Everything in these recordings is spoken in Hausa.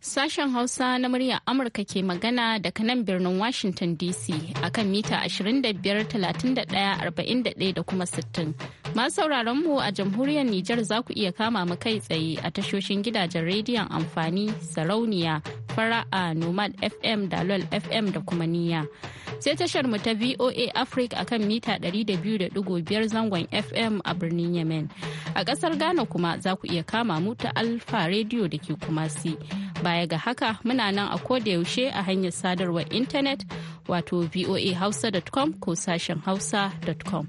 Sashen Hausa na muryar Amurka ke magana daga nan birnin Washington DC akan mita 25-31-41 da kuma 60. Masu sauraron mu a jamhuriyar Nijar za ku iya kama mu kai tsaye a tashoshin gidajen rediyon amfani, sarauniya, fara'a, nomad FM, dalol FM da kuma niyya. sai tashar mu ta VOA Africa akan mita 200.5 zangon FM a birnin Yemen. A kasar Ghana kuma za ku iya kama mu ta Alfa Radio da ke Kumasi. Baya ga haka muna nan a yaushe a hanyar sadarwar intanet wato voahausa.com ko sashen hausa.com.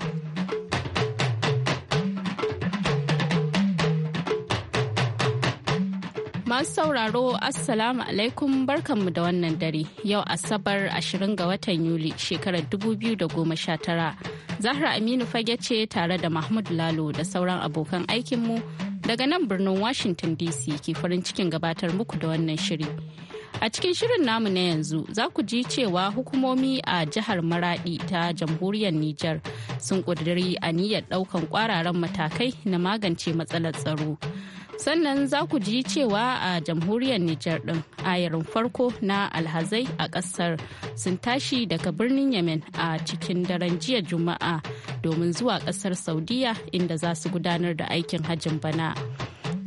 Masu sauraro Assalamu alaikum barkanmu da wannan dare yau Asabar 20 ga watan Yuli shekarar 2019. Zahra Aminu fage ce tare da Mahmud Lalo da sauran abokan aikinmu daga nan birnin Washington DC ke farin cikin gabatar muku da wannan shiri. A cikin shirin namu na yanzu za ku ji cewa hukumomi a jihar Maradi ta jamhuriyar Nijar sun ƙudiri aniyar ɗaukan ƙwararan matakai na magance matsalar tsaro. sannan za ku ji cewa a jamhuriyar Nijar ɗin ayarin farko na alhazai a ƙasar sun tashi daga birnin Yamen a cikin daren jiya Juma'a domin zuwa ƙasar Saudiya inda za su gudanar da aikin hajjin bana.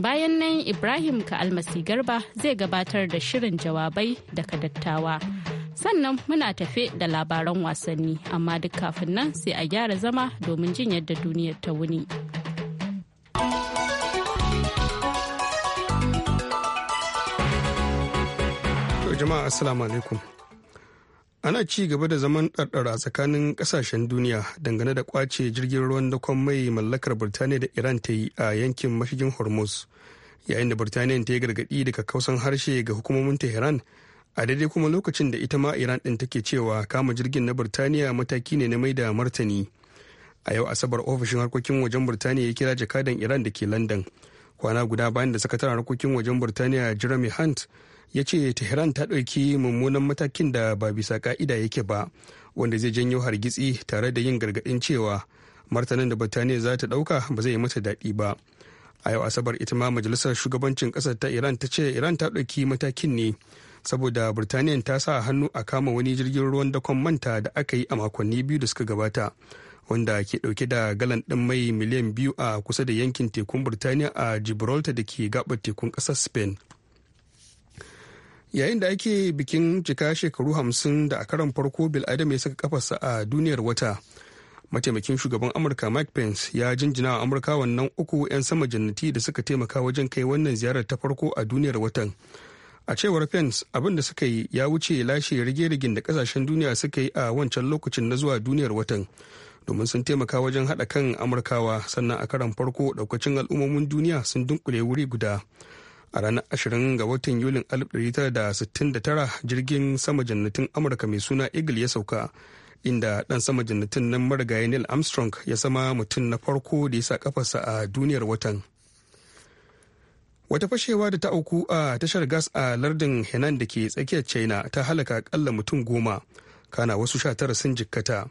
Bayan nan Ibrahim ka almasi garba zai gabatar da shirin jawabai daga dattawa. sannan muna tafe da labaran wasanni amma duk kafin nan sai a gyara zama domin jin yadda duniyar ta wuni. To jama'a assalamu alaikum. Ana ci gaba da zaman ɗarɗara tsakanin ƙasashen duniya dangane da ƙwace jirgin ruwan dakon mai mallakar Birtaniya da Iran ta yi a yankin mashigin Hormuz. Yayin da Birtaniya ta yi gargaɗi daga kausan harshe ga hukumomin Tehran a daidai kuma lokacin da ita ma Iran ɗin take cewa kama jirgin na Birtaniya mataki ne na mai da martani. A yau Asabar ofishin harkokin wajen Birtaniya ya kira jakadan Iran da ke London. Kwana guda bayan da sakataren harkokin wajen Birtaniya Jeremy Hunt ya ce tehran ta ɗauki mummunan matakin da ba bisa ka'ida yake ba wanda zai janyo hargitsi tare da yin gargaɗin cewa martanin da birtaniya za ta ɗauka ba zai yi mata daɗi ba a yau asabar ita ma majalisar shugabancin ƙasar ta iran ta ce iran ta ɗauki matakin ne saboda birtaniya ta sa hannu a kama wani jirgin ruwan dakon manta da aka yi a makonni biyu da suka gabata wanda ke ɗauke da galan ɗin mai miliyan biyu a kusa da yankin tekun birtaniya a gibraltar da ke gabar tekun ƙasar spain yayin da ake bikin cika shekaru hamsin da a karan farko bil adam ya saka kafarsa a duniyar wata mataimakin shugaban amurka mike pence ya jinjina wa amurka wannan uku 'yan sama jannati da suka taimaka wajen kai wannan ziyarar ta farko a duniyar watan a cewar pence abin da suka yi ya wuce lashe rige-rigen da kasashen duniya suka yi a wancan lokacin na zuwa duniyar watan domin sun taimaka wajen hada kan amurkawa sannan a karan farko daukacin al'ummomin duniya sun dunkule wuri guda a ranar 20 ga watan yulin 1969 jirgin sama jannatin amurka mai suna eagle ya sauka inda dan sama jannatin nan marigayi neil armstrong ya sama mutum na farko da ya sa kafarsa a duniyar watan wata fashewa da ta auku a tashar gas a lardin henan da ke tsakiyar china ta halaka akalla mutum goma kana wasu sha tara sun jikkata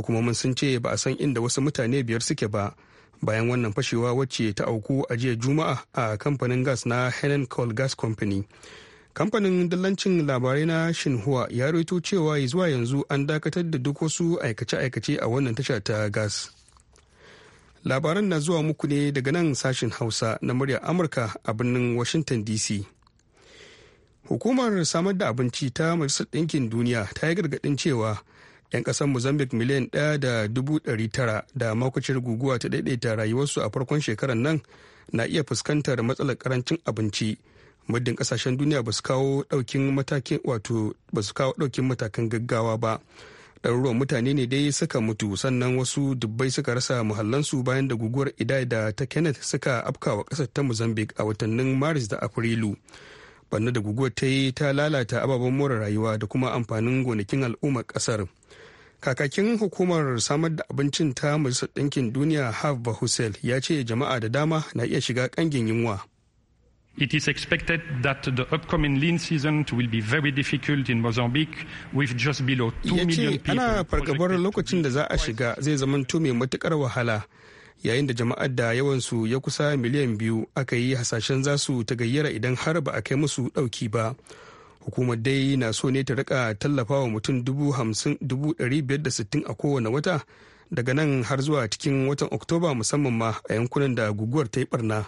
hukumomin sun ce ba a san inda wasu mutane biyar suke ba bayan wannan fashewa wacce ta auku a jiya juma'a a kamfanin gas na helen coal gas company kamfanin dillancin labarai na shinhua ya raito cewa zuwa yanzu an dakatar da duk wasu aikace-aikace a wannan tasha ta gas labaran na zuwa muku ne daga nan sashen hausa na muryar amurka a birnin washington dc hukumar samar da abinci ta majalisar ɗinkin duniya ta yi gargaɗin cewa 'yan ƙasar mozambique miliyan ɗaya da makwacin guguwa ta daidaita rayuwarsu a farkon shekarar nan na iya fuskantar matsalar karancin abinci muddin kasashen duniya ba su kawo daukin matakan gaggawa ba ɗaruruwan mutane ne dai suka mutu sannan wasu dubbai suka rasa muhallansu bayan da guguwar idai da ta kenneth suka afkawa ƙasar ta mozambique a watannin maris da afrilu banda da guguwar ta yi ta lalata ababen more rayuwa da kuma amfanin gonakin al'ummar kasar kakakin hukumar samar da abincin ta majalisar ɗinkin duniya hav bahusel ya ce jama'a da dama na iya shiga ƙangin yunwa It is expected that the upcoming lean season will be very difficult in Mozambique with just below 2 million people. ana fargabar lokacin da za a shiga zai zamanto mai matukar wahala yayin da jama'ar da yawansu ya kusa miliyan biyu aka yi hasashen za su ta gayyara idan har ba a kai musu ɗauki ba hukumar dai na so ne ta rika wa mutum sittin a kowane wata daga nan har zuwa cikin watan oktoba musamman ma a yankunan da guguwar ta yi barna.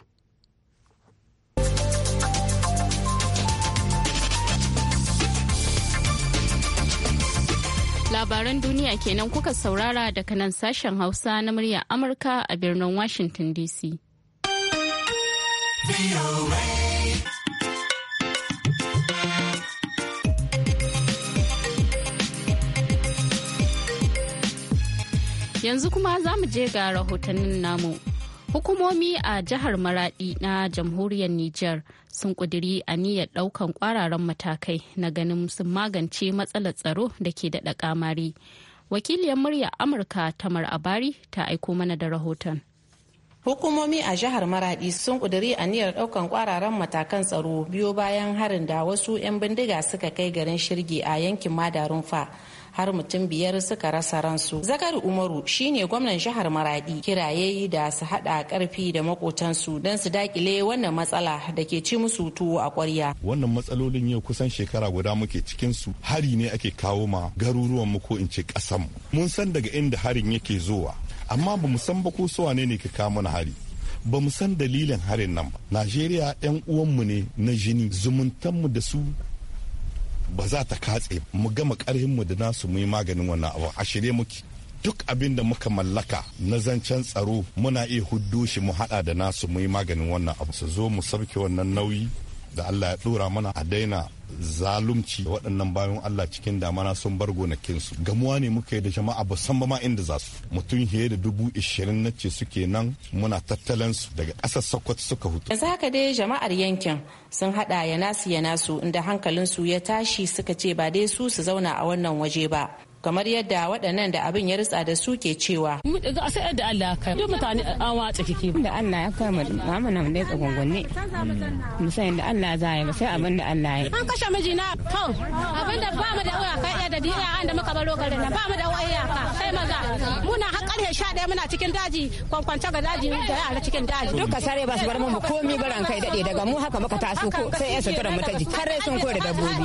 labaran duniya kenan kuka saurara daga nan sashen Hausa na murya Amurka a birnin Washington DC. Yanzu kuma za mu je ga rahotannin namu. Hukumomi a jihar Maradi na jamhuriyar Nijar sun kuduri aniyar daukan kwararan matakai na ganin sun magance matsalar tsaro da ke daɗa kamari. Wakiliyar murya Amurka Tamar Abari ta aiko mana da rahoton. Hukumomi a jihar Maradi sun kuduri aniyar daukan kwararan matakan tsaro biyo bayan harin da wasu 'yan bindiga suka kai garin Shirgi a yankin Madarunfa. har mutum biyar suka rasa ransu zakari umaru shine gwamnan jihar maradi kiraye da su haɗa karfi da makotansu don su dakile wannan matsala da ke ci musu tuwo a kwarya wannan matsalolin yau kusan shekara guda muke cikin su hari ne ake kawo ma garuruwan mu ko in ce kasan mun san daga inda harin yake zuwa amma bamu san ba ko suwa ne ke kawo mana hari ba san dalilin harin nan ba najeriya yan uwanmu ne na jini zumuntanmu da su ba za ta katse mu gama karhin mu da nasu mu yi maganin wannan abu a shirye muke duk abin da muka mallaka na zancen tsaro muna iya huddo shi mu hada da nasu mu yi maganin wannan abu su zo mu sauke wannan nauyi da Allah ya dora mana a daina zalunci waɗannan bayan Allah cikin damana sun bar gonakinsu gamuwa ne muka yi da jama'a ba san ba ma inda za su mutum fiye da dubu ishirin na ce suke nan muna tattalin su daga ƙasar Sokoto suka hutu yanzu haka dai jama'ar yankin sun haɗa ya nasu ya nasu inda su ya tashi suka ce ba dai su su zauna a wannan waje ba kamar yadda waɗannan da abin ya ritsa da su ke cewa. sai da Allah kai duk mutane an watsa kike Da Allah ya kama mana mun daika tsagungunne Musayin da Allah za ya sai abin da Allah ya. An kashe mijina to abin da ba mu da iyaka iya da diya an da muka baro garin nan ba mu da iyaka sai maza muna har karfe 11 muna cikin daji kwankwance ga daji da yara cikin daji. Duka sare ba su bar mu komi baran kai dade daga mu haka muka taso ko sai yan sutura mu ta ji. Tare sun kore dabbobi.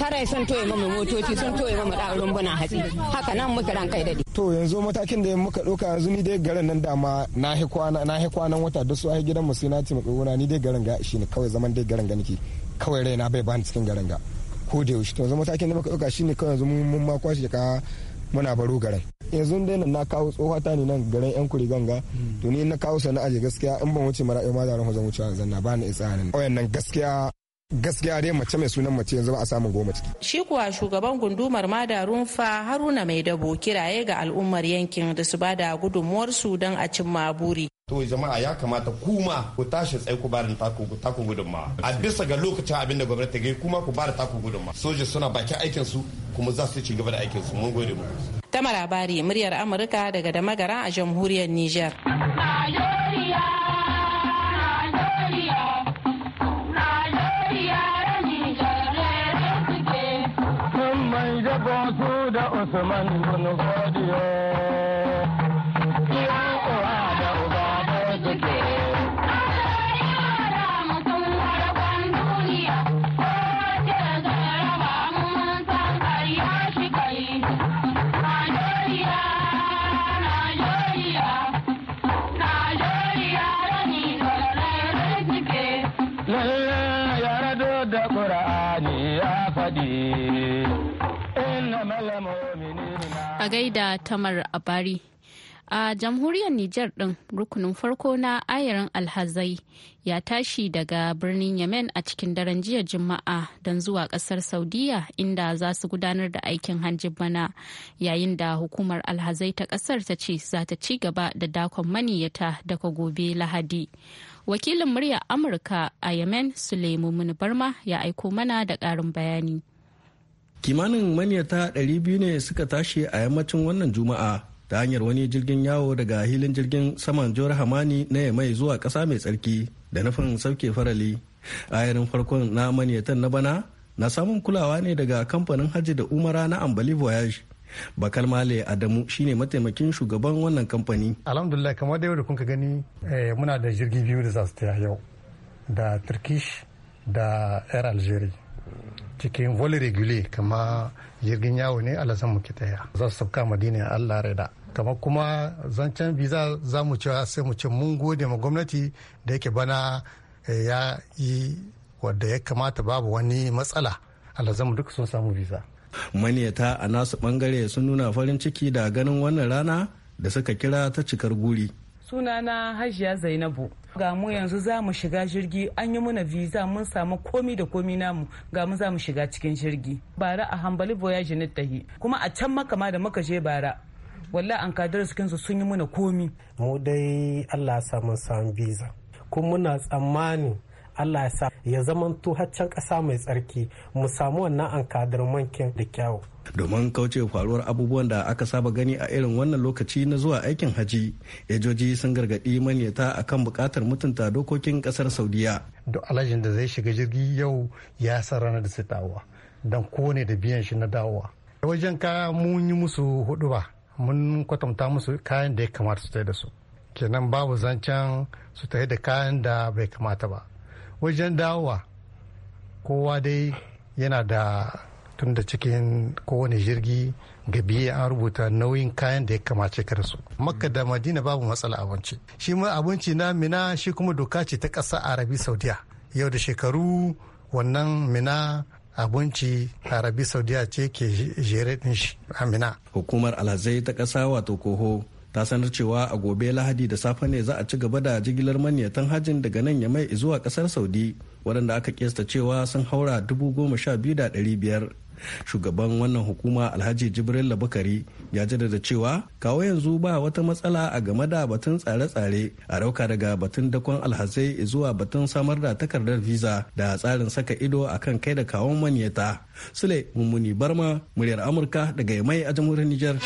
Tare sun toye mu motoci sun toye zo mu da rumbuna hatsi haka nan muka ran kai dade to yanzu matakin da muka ɗauka yanzu ni dai garin nan dama na hi kwana na hi kwanan wata da su ai gidan mu sai na mu ni dai garin ga shi ne kawai zaman dai garin ga niki kawai raina bai bani cikin garin ga ko da yaushe to yanzu matakin da muka ɗauka shine kawai yanzu mun ma kwashe ka muna baro garin yanzu dai nan na kawo tsohata ne nan garin yan kuri ganga to ni na kawo sana'a je gaskiya in ban wuce mara yau ma zan wuce zan na ba ni isa nan gaskiya gaskiya dai mace mai sunan mace yanzu ba a samun goma ciki. Shi kuwa shugaban gundumar Mada Rumfa Haruna Mai Dabo kiraye ga al'ummar yankin da su bada su don a cimma buri. To jama'a ya kamata kuma ku tashi tsaye ku bada takun taku A bisa ga lokacin abin da gwamnati ta kuma ku bada takun gudunmawa. Soja suna bakin aikin su kuma za su ci gaba da aikin su mun gode mu. Ta Bari muryar Amurka daga Damagara a jamhuriyar Nijar. Usman ibn Fadiyah. A gaida tamar a A jamhuriyar Nijar ɗin rukunin farko na ayarin alhazai ya tashi daga birnin Yemen a cikin daren jiya Juma'a don zuwa ƙasar Saudiya inda za su gudanar da aikin hanjin bana yayin da hukumar alhazai ta ƙasar ta ce za ta ci gaba da dakon maniyata daga gobe Lahadi. Wakilin murya Amurka a Yemen Suleiman Barma ya aiko mana da ƙarin bayani. kimanin manyata 200 ne suka tashi a yammacin wannan juma'a ta hanyar wani jirgin yawo daga hilin jirgin saman jihar hamani na yamai zuwa ƙasa mai tsarki da nufin sauke farali ayarin farkon na manyatan na bana na samun kulawa ne daga kamfanin hajji da umara na ambali voyage bakal male adamu shine mataimakin shugaban wannan kamfani alhamdulillah kamar da yau da kuka gani eh, muna da jirgi biyu da za su yau da turkish da air algeria cikin wani regule kama jirgin yawo ne alasan muke taya za su sauka madina allah rada kama kuma zancen visa za mu cewa sai mu ce mun gode ma gwamnati da yake bana eh, ya yi wadda ya kamata babu wani matsala mu duk sun samu visa. maniyata a nasu bangare sun nuna farin ciki da ganin wannan rana da suka kira ta cikar guri sunana hajiya zainabu ga mu yanzu za mu shiga jirgi an yi muna visa mun samu komi da komi namu ga mu za mu shiga cikin jirgi bara a hambali voyage ne tahi kuma a can makama da muka je bara walla an kadar sukin su sun yi muna komi mu dai Allah ya sa mun samu visa kuma muna tsammani Allah ya sa ya zamanto haccan ƙasa mai tsarki mu samu wannan mankin da kyau. domin kauce faruwar abubuwan da aka saba gani a irin wannan lokaci na zuwa aikin haji ejoji sun gargaɗi manyata akan buƙatar mutunta dokokin ƙasar saudiya da alajin da zai shiga jirgi yau ya sa ranar da sitawa don kone da biyan shi na dawowa wajen kaya mun yi musu hudu ba mun kwatanta musu kayan da ya kamata su da su kenan babu zancen su tafi da kayan da bai kamata ba wajen dawowa kowa dai yana da tun da cikin kowane jirgi ga gabiye an rubuta nauyin kayan da ya kamace kar su makka da madina babu matsala abinci shi ma abinci na mina shi kuma doka ce ta kasa arabi saudiya yau da shekaru wannan mina abinci arabi saudiya ce ke jere din shi amina hukumar alhazai ta kasa wato koho ta sanar cewa a gobe lahadi da safe ne za a ci gaba da jigilar maniyatan hajjin daga nan ya mai zuwa kasar saudi waɗanda aka kesta cewa sun haura dubu goma sha biyu da ɗari biyar shugaban wannan hukuma alhaji jibril labakari ya jaddada cewa kawo yanzu ba wata matsala a game da batun tsare-tsare a rauka daga batun dakon alhazai zuwa batun samar da takardar visa da tsarin saka ido a kan kai da kawon manyata sule mummuni barma muryar amurka daga yamai a jamhuriyar niger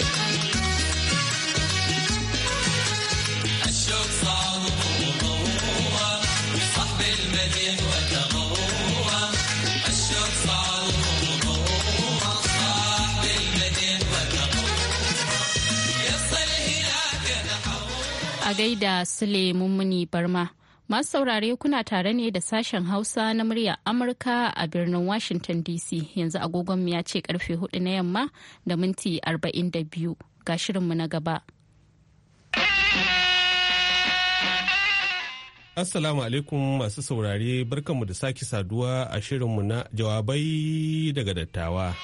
da Sule Mummuni Barma. Masu saurare kuna tare ne da sashen Hausa na murya Amurka a birnin Washington DC yanzu agogonmu ya ce karfe 4 na yamma da minti 42 ga shirinmu na gaba. Assalamu alaikum masu saurare barkanmu da sake saduwa a shirinmu na jawabai daga dattawa.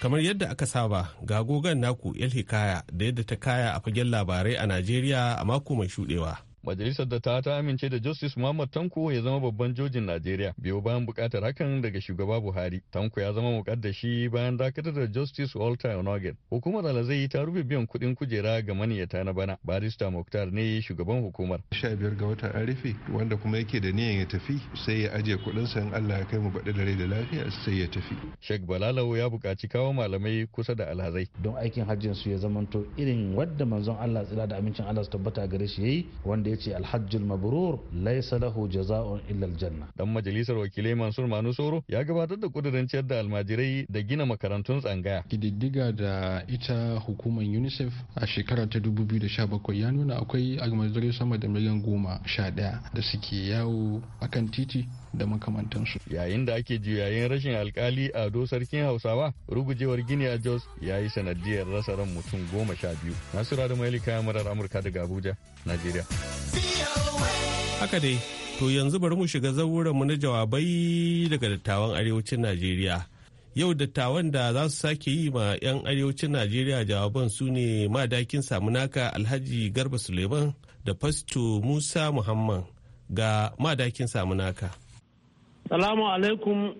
kamar yadda aka saba ga gogon naku el hikaya da yadda ta kaya a fagen labarai a najeriya a mako mai shudewa Majalisar da ta ta amince da Justice Muhammad Tanko ya zama babban jojin Najeriya biyo bayan bukatar hakan daga shugaba Buhari. Tanko ya zama mukaddashi bayan dakatar da Justice Walter onogin Hukumar alazai ta rufe biyan kuɗin kujera ga maniyata na bana. Barista Muktar ne shugaban hukumar. Sha biyar ga wata an wanda kuma yake da niyan ya tafi sai ya ajiye sa in Allah ya kai mu baɗi da rai da lafiya sai ya tafi. Sheikh balalau ya buƙaci kawo malamai kusa da alhazai. Don aikin hajjin su ya zamanto irin wadda manzon Allah tsira da amincin Allah su tabbata gare shi yayi wanda ce alhajjul mabrur laisa lahu jaza'un illa aljanna dan majalisar wakilai mansur manusoro ya gabatar da kudirin ciyar da almajirai da gina makarantun tsangaya kididdiga da ita hukumar unicef a shekarar ta 2017 ya nuna akwai almajirai sama da miliyan goma sha ɗaya da suke yawo akan titi da makamantansu. Yayin da ake juyayin rashin alkali a sarkin Hausawa, rugujewar Gini a Jos ya yi sanadiyar rasa ran mutum goma sha biyu. Nasura da kayan marar Amurka daga Abuja, Najeriya. Haka dai, to yanzu bari mu shiga mu na jawabai daga dattawan arewacin Najeriya. Yau dattawan da za su sake yi ma 'yan arewacin Najeriya jawaban su ne madakin samunaka Alhaji Garba Suleiman da Fasto Musa Muhammad ga madakin samunaka. Salamu alaikum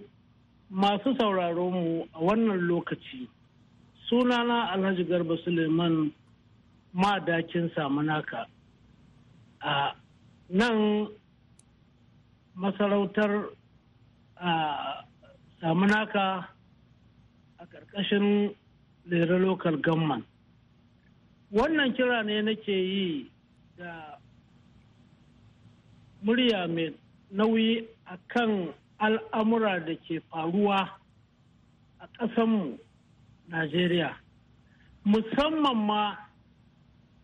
masu sauraro mu a wannan lokaci. Sunana Alhaji Garba Suleiman madakin samunaka. A nan masarautar a samunaka a ƙarƙashin lera local government. Wannan kira ne nake yi da murya mai nauyi a kan al'amura da ke faruwa a ƙasanmu najeriya musamman ma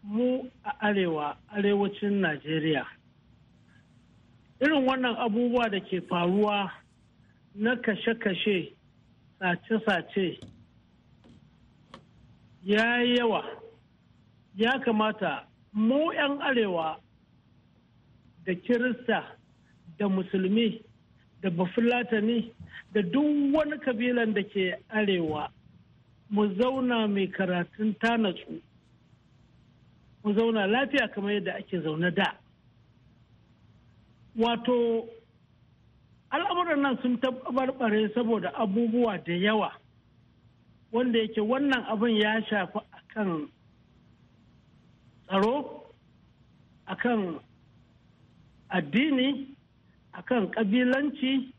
mu a arewa arewacin najeriya irin wannan abubuwa da ke faruwa na kashe-kashe sace-sace ya yi yawa ya kamata mu 'yan arewa da kirista da musulmi da bafulatani da duk wani kabilan da ke arewa mu zauna mai karatun ta natsu mu zauna lafiya kamar yadda ake zaune da wato al'amuran nan sun tabarbare saboda abubuwa da yawa wanda yake wannan abin ya shafi akan tsaro akan addini akan kabilanci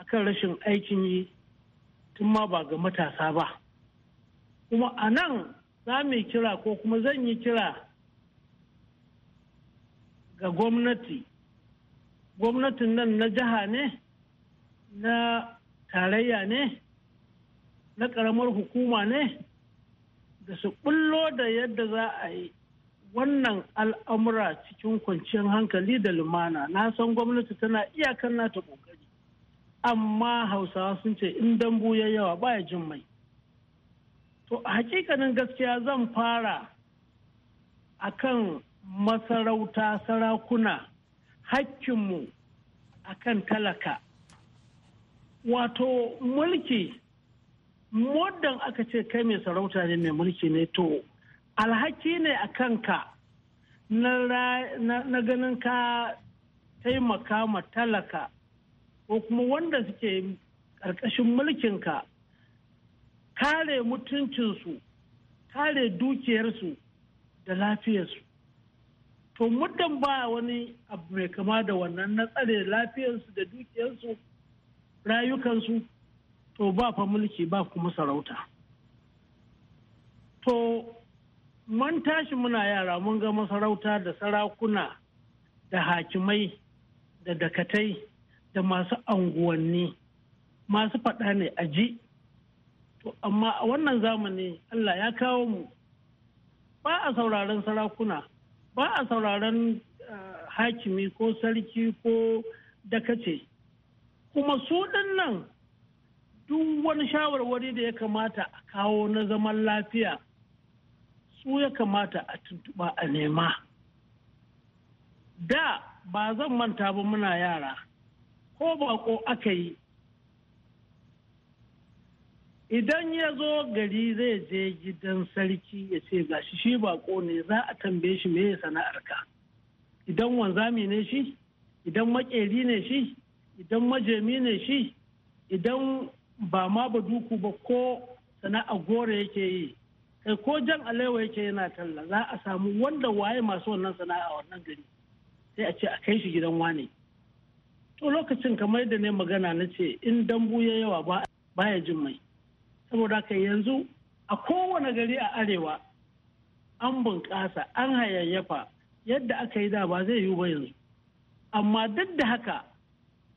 akan rashin aikin yi tun ma ba ga matasa ba kuma a nan za mu kira ko kuma zan yi kira ga gwamnati gwamnatin nan na jiha ne na tarayya ne na ƙaramar hukuma ne da su ɓullo da yadda za a yi wannan al'amura cikin kwanciyar hankali da lumana na san gwamnati tana iyakar nata kokari amma hausawa sun ce in dambu ya yawa baya jin mai to a hakikanin gaskiya zan fara akan masarauta sarakuna hakkinmu akan talaka wato mulki modan aka ce kai mai sarauta ne mai mulki ne to alhaki ne a kanka na ganin ka taimaka ma talaka ko kuma wanda suke ƙarƙashin mulkinka kare mutuncinsu kare dukiyarsu da lafiyarsu to muddin ba wani abu mai kama da wannan na tsare lafiyarsu da dukiyarsu rayukansu to ba fa mulki ba kuma sarauta to mun tashi muna yara mun ga masarauta da sarakuna da hakimai da dakatai da masu anguwanni masu faɗa ne a ji to amma a wannan zamani allah ya kawo mu ba a sauraron sarakuna ba a sauraron eh, hakimi ko sarki ko dakace kuma su nan duk wani shawarwari da ya kamata a kawo na zaman lafiya su ya kamata a tuntuɓa a nema da ba zan manta ba muna yara ko bako aka yi idan ya zo gari zai je gidan sarki ya ce gashi shi bako ne za a tambaye shi me sana'arka idan wanzami ne shi idan makeri ne shi idan majemi ne shi idan ba ma ba duku ba ko sana'a gore yake yi kai eh, ko jan alewa yake yana talla za a samu wanda waye masu wannan sana'a a wannan gari sai a ce a kai shi gidan wane to lokacin kamar da ne magana na ce in dambu ya yawa ba baya jin mai saboda haka yanzu a kowane gari a arewa an bunƙasa an hayayyafa yadda aka yi da ba zai yiwu ba yanzu amma duk da haka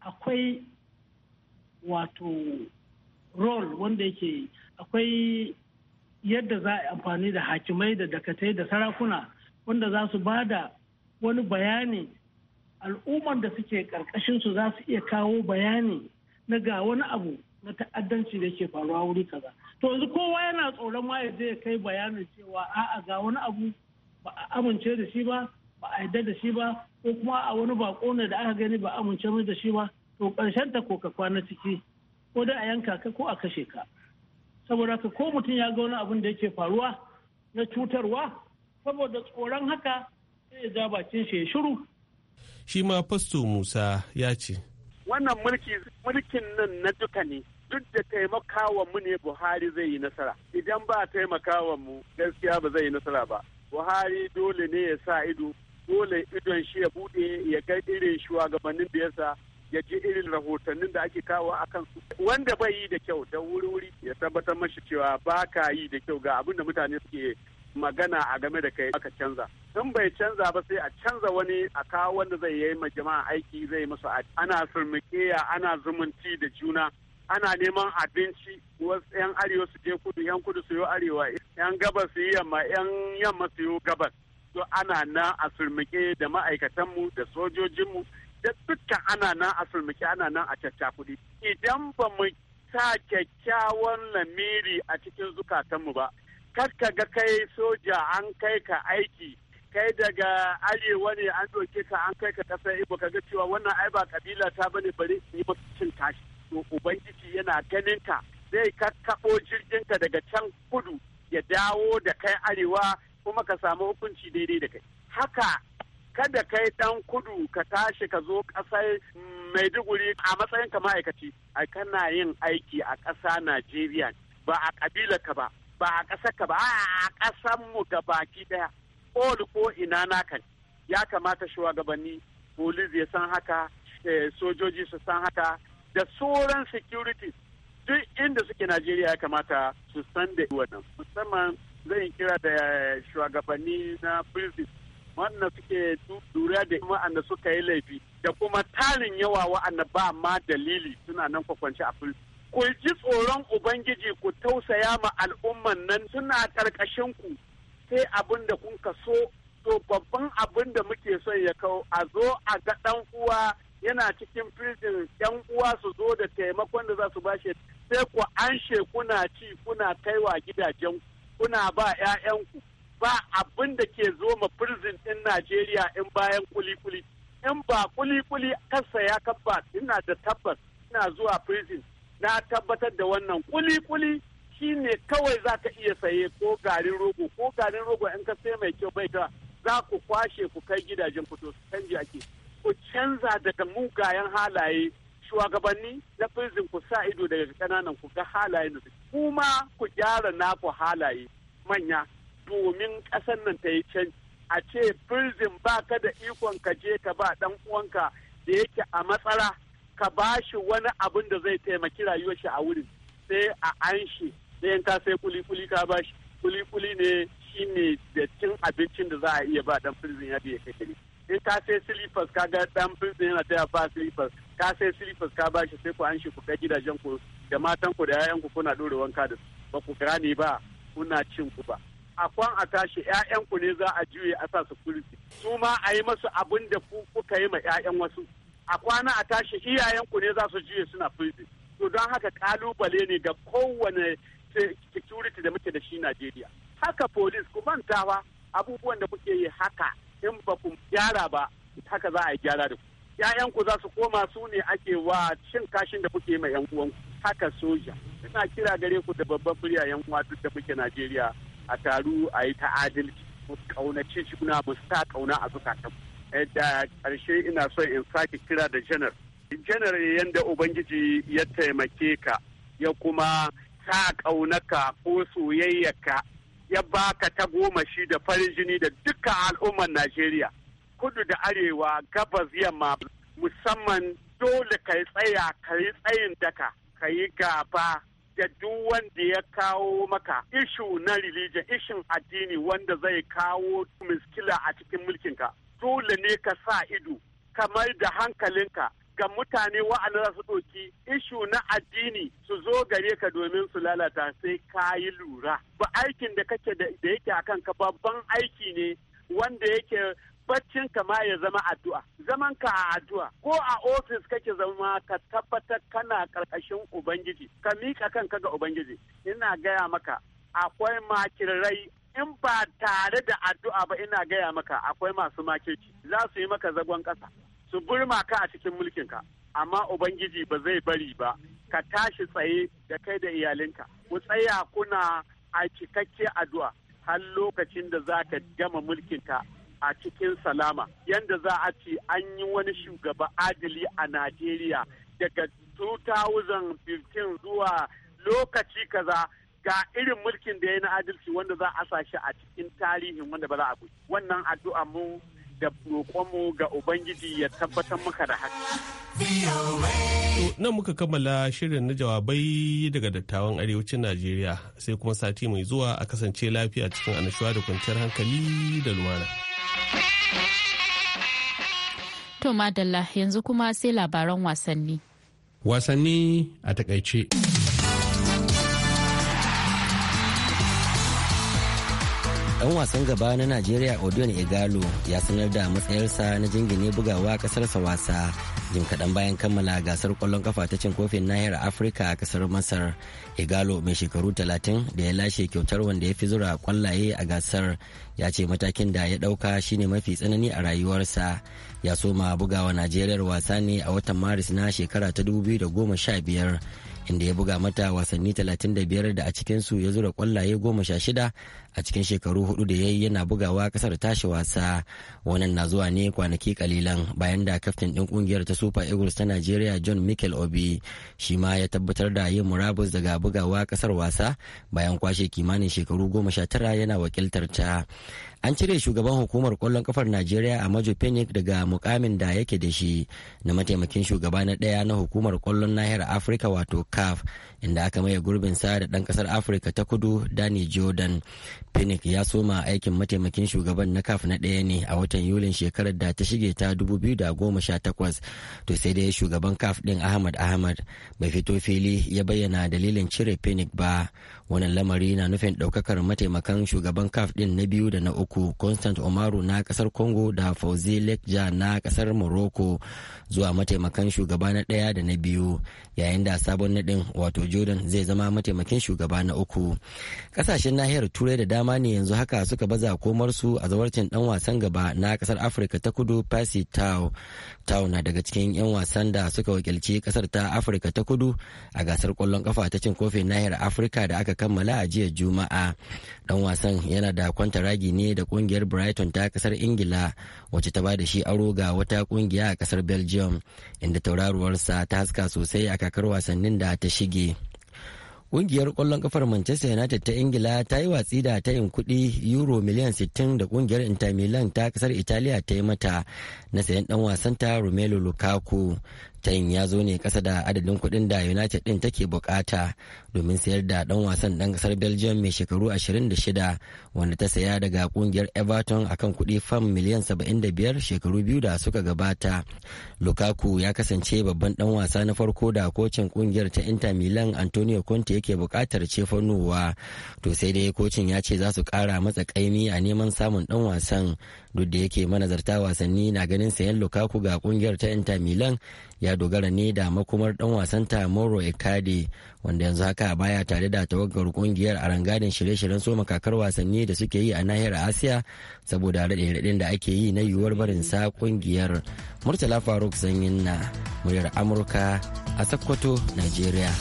akwai wato role wanda yake akwai yadda za a amfani da hakimai da dakatai da sarakuna wanda za su ba da wani bayani al'ummar da suke su za su iya kawo bayani na ga wani abu na ta'addanci da ke faruwa wuri kaza to yanzu kowa yana tsoron ma zai ya kai bayanin cewa a'a ga wani abu ba a amince da shi ba ba a yarda da shi ba ko kuma a wani bako ne da aka gani ba amince mai da shi ba to karshen ta ko ka kwana ciki ko da a yanka ka ko a kashe ka saboda ka ko mutum ya ga wani abin da yake faruwa na cutarwa saboda tsoron haka sai ya ja bakin shi ya shiru shi ma fasto musa ya ce wannan mulki mulkin nan na duka ne duk da taimakawa mu ne buhari zai yi nasara idan ba taimakawa mu gaskiya ba zai yi nasara ba buhari dole ne ya sa ido dole idon shi ya bude ya ga irin shugabannin da ya ya ji irin rahotannin da ake kawo a kansu wanda bai yi da kyau da wuri-wuri ya tabbatar mashi cewa ba ka yi da kyau ga abin da mutane suke magana a game da kai aka canza in bai canza ba sai a canza wani a kawo wanda zai yi ma jama'a aiki zai masu ana surmikeya ana zumunci da juna ana neman abinci wasu 'yan arewa su je kudu 'yan kudu su yi arewa 'yan gabas su yi yamma 'yan yamma su yi gabas to ana nan a firmike da ma'aikatanmu da sojojinmu da dukkan ana nan a sulmuke ana nan a caccakuɗi idan ba mu sa kyakkyawan lamiri a cikin zukatanmu ba kar ka ga kai soja an kai ka aiki kai daga arewa ne an doke ka an kai ka kasar ibo ka ga cewa wannan ai ba kabila ta bane bari su yi masu cin tashi to ubangiji yana ganin ka zai jirgin ka daga can kudu ya dawo da kai arewa kuma ka samu hukunci daidai da kai haka kada kai dan kudu ka tashi ka zo kasar maiduguri a matsayin ka ma'aikaci a kana yin aiki a ƙasa najeriya ba a ƙabila ka ba ba a ƙasar ka ba a ƙasar mu ga baki daya all ko ina naka ya kamata shugabanni police ya san haka eh, sojoji su san haka da sauran security duk inda suke najeriya ya kamata su san da wannan musamman zan kira da eh, shugabanni na prison wannan suke duriya da wa'anda suka yi laifi da kuma tarin yawa wa'anda ba ma dalili suna nan kwakwanci a fulfi. Ku ji tsoron Ubangiji ku tausaya ma al'umman nan suna ƙarƙashin ku sai abin da kun ka so to babban abin da muke son ya kawo a zo a ga ɗan uwa yana cikin firjin yan uwa su zo da taimakon da za su bashi sai ku anshe kuna ci kuna kaiwa gidajen kuna ba 'ya'yanku ba abin da ke zo ma prison ɗin Najeriya in bayan kuli-kuli. In ba kuli-kuli kansa ya kabba ina da tabbas ina zuwa prison na tabbatar da wannan kuli-kuli shi ne kawai za ka iya saye ko garin rogo ko garin rogo in ka sai mai kyau bai ga za ku kwashe ku kai gidajen fito su canji ake ku canza daga mugayen halaye shugabanni na prison ku sa ido daga kananan ku ga halaye kuma ku gyara naku halaye manya domin ƙasar nan ta yi can a ce birzin ba ka da ikon ka je ka ba ɗan uwanka da yake a matsala ka ba shi wani abin da zai taimaki rayuwar shi a wurin sai a an shi sai ka sai kuli ka ba shi kuli ne shi ne da cin abincin da za a iya ba ɗan birzin ya biya kai in ka sai silifas ka ga ɗan birzin yana taya ba silifas ka sai silifas ka ba shi sai ku an shi ku kai gidajen ku da matan ku da yayan kuna ɗore wanka da ba ku gane ba kuna cin ku ba a kwan a tashi ƴaƴanku ne za a juye a sa su kulki su ma a yi masu abin da ku kuka yi ma yayan wasu a kwana a tashi iyayenku ne za su juye suna kulki to don haka kalubale ne ga kowane security da muke da shi Najeriya haka police ku mantawa abubuwan da kuke yi haka in ba ku gyara ba haka za a yi gyara da ku ƴaƴanku za su koma su ne ake wa cin kashin da kuke yi ma ƴan uwanku haka soja ina kira gare ku da babban murya yan uwa duk da muke Najeriya a taru a yi ta adalci mu shi kuna mu sa kauna a zukatan da karshe ina so in sake kira da janar janar yadda ubangiji ya taimake ka ya kuma sa kaunaka ko soyayyaka ya baka ta goma shi da farin jini da duka al'ummar najeriya kudu da arewa gabas yamma musamman dole ka yi tsaya ka yi tsayin daka ka yi gaba da duk wanda ya kawo maka ishu na religion ishin addini wanda zai kawo miskila a cikin mulkinka dole ne ka sa ido kamar da hankalinka ga mutane wa'anda za su ɗauki ishu na addini su zo gare ka domin su lalata sai ka yi lura ba aikin da kake da yake a ka babban aiki ne wanda yake baccin ka ma ya zama addu'a zaman ka a addu'a ko a ofis kake zama ka tabbatar kana karkashin ubangiji ka miƙa kanka ga ubangiji ina gaya maka akwai makirai in ba tare da addu'a ba ina gaya maka akwai masu makirci za su yi maka zagon ƙasa su burma ka a cikin mulkin ka. amma ubangiji ba zai bari ba ka tashi tsaye da kai da iyalinka ku tsaya kuna a cikakke addu'a har lokacin da za ka gama mulkinka a cikin salama yadda za a ce an yi wani shugaba adali a Najeriya daga 2015 zuwa lokaci kaza ga irin mulkin da ya na adalci wanda za a sa shi a cikin tarihin wanda ba za a wannan addu'a mu da roƙonmu ga Ubangiji ya tabbatar muka da haka. Nan muka kammala shirin na jawabai daga dattawan arewacin Najeriya sai kuma sati mai zuwa a kasance lafiya cikin annashuwa da kwanciyar hankali da lumana. To madalla yanzu kuma sai labaran wasanni. Wasanni a takaice. dan wasan gaba na najeriya odion igalo ya sanar da matsayarsa na jingine bugawa kasarsa wasa jim kaɗan bayan kammala gasar ƙwallon kafa ta cin kofin nahiyar afirka a kasar masar igalo mai shekaru talatin da ya lashe kyautar wanda ya fi zura kwallaye a gasar ya ce matakin da ya ɗauka shine mafi tsanani a rayuwarsa ya soma bugawa najeriyar wasa ne a watan maris na shekara ta da goma sha biyar. inda ya buga mata wasanni 35 da a cikinsu ya zura kwallaye 16 a cikin shekaru hudu da ya yi yana bugawa kasar tashi wasa wannan na zuwa ne kwanaki kalilan bayan da kaftin din kungiyar ta super eagles ta nigeria john michael obi shi ma ya tabbatar da yin murabus daga bugawa kasar wasa bayan kwashe kimanin shekaru 19 yana wakiltar ta an cire shugaban hukumar kwallon kafar najeriya a majo phoenix daga mukamin da yake da shi na mataimakin shugaba na daya na hukumar kwallon nahiyar afirka wato caf inda aka maye gurbinsa da ɗan ƙasar afirka ta kudu dani jordan pinnick ya soma aikin mataimakin shugaban na caf na ɗaya ne a watan yulin shekarar da ta shige ta 2018 to sai dai shugaban caf ɗin ahmad ahmad bai fito fili ya bayyana dalilin cire pinnick ba wannan lamari na nufin ɗaukakar mataimakan shugaban caf ɗin na biyu da na uku constant omaru na kasar congo da fauzi lekja na kasar morocco zuwa mataimakan shugaba na ɗaya da na biyu yayin da sabon naɗin wato jordan zai zama mataimakin shugaba na uku kasashen nahiyar turai da dama ne yanzu haka suka baza komarsu a zawarcin dan wasan gaba na kasar afirka ta kudu pasi tau tau na daga cikin 'yan wasan da suka wakilci ƙasar ta afirka ta kudu a gasar kwallon kafa ta cin kofin nahiyar afirka da aka kammala a jiya Juma'a. Dan wasan yana da kwanta ragi ne da kungiyar Brighton ta kasar Ingila wacce ta ba da shi aro ga wata kungiya a kasar Belgium inda tauraruwarsa ta haska sosai a kakar wasannin da ta shige. Kungiyar kwallon kafar Manchester United ta Ingila ta yi watsi da tayin kuɗi euro miliyan 60 da kungiyar Inter Milan ta kasar Italiya ta yi mata na sayan ɗan wasan ta Romelu Lukaku. tayin ya zo ne kasa da adadin kuɗin da united din take bukata domin sayar da ɗan wasan ɗan ƙasar belgium mai shekaru 26 wanda ta saya daga ƙungiyar everton akan kuɗi fam miliyan 75 shekaru biyu da suka gabata lukaku ya kasance babban ɗan wasa na farko da kocin ƙungiyar ta inter milan antonio conte yake buƙatar cefanowa to sai dai kocin ya ce za su ƙara matsa ƙaimi a neman samun ɗan wasan duk da yake manazarta wasanni na ganin sayan lukaku ga ƙungiyar ta inter milan ya dogara ne da makomar dan wasanta moro ekade wanda yanzu haka baya tare da tawagar kungiyar a rangadin shirye-shiryen soma kakar wasanni da suke yi a nahiyar asiya saboda raɗe-raɗen da ake yi na yiwuwar barin sa kungiyar murtala faruk zanyin na muryar amurka a sokoto nigeria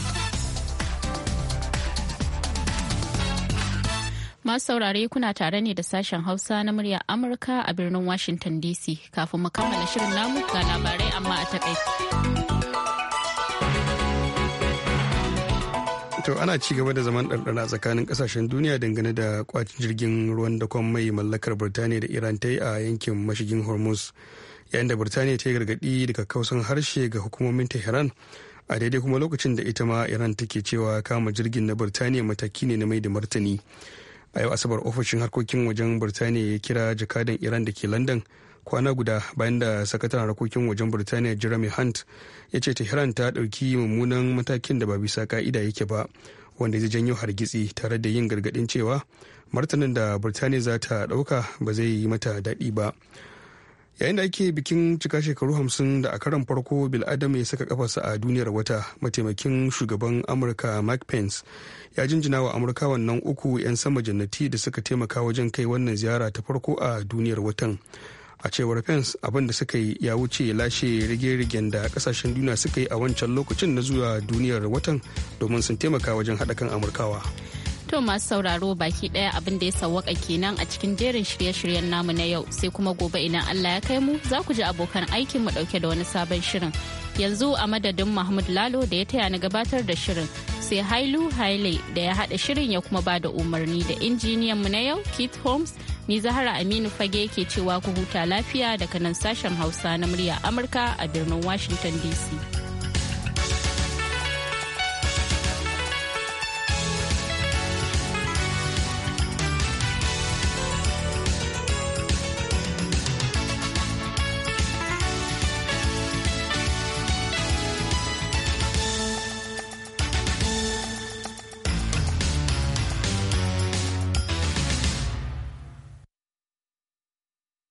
Masu saurare kuna tare ne da sashen Hausa na murya Amurka a birnin Washington DC. Kafin mu kammala shirin namu ga labarai amma a takaice. To ana ci gaba da zaman ɗanɗana tsakanin ƙasashen duniya dangane da kwacin jirgin ruwan da kwan mai mallakar Birtaniya da Iran ta yi a yankin mashigin Hormuz. Yayin da Birtaniya ta yi gargaɗi daga kausan harshe ga hukumomin Tehran a daidai kuma lokacin da ita ma Iran take cewa kama jirgin na Birtaniya mataki ne na mai da martani. a yau asabar ofishin harkokin wajen birtaniya ya kira jakadan iran da ke london kwana guda bayan da sakataren harkokin wajen birtaniya jeremy hunt ya ce tehran ta ɗauki mummunan matakin da ba bisa ka'ida yake ba wanda zai janyo hargitsi tare da yin gargaɗin cewa martanin da birtaniya za ta ɗauka ba zai yi mata daɗi ba yayin da ake bikin cika shekaru hamsin da a karan farko biladam ya saka kafarsa a duniyar wata mataimakin shugaban amurka mike pence ya jinjina wa amurka wannan uku 'yan sama jannati da suka taimaka wajen kai wannan ziyara ta farko a duniyar watan a cewar pence abin da suka yi ya wuce lashe rige-rigen da kasashen duniya suka yi a wancan lokacin na zuwa duniyar watan domin sun taimaka wajen haɗa kan amurkawa To masu sauraro baki ɗaya abin da ya sawwaka kenan a cikin jerin shirye-shiryen namu na yau sai kuma gobe idan Allah ya kai mu za ku ji abokan aikin mu ɗauke da wani sabon shirin. Yanzu a madadin Mahmud Lalo da ya taya ni gabatar da shirin sai Hailu Haile da ya haɗa shirin ya kuma ba da umarni da injiniyan mu na yau Keith Holmes ni Zahara Aminu Fage ke cewa ku huta lafiya daga nan sashen Hausa na murya Amurka a birnin Washington DC.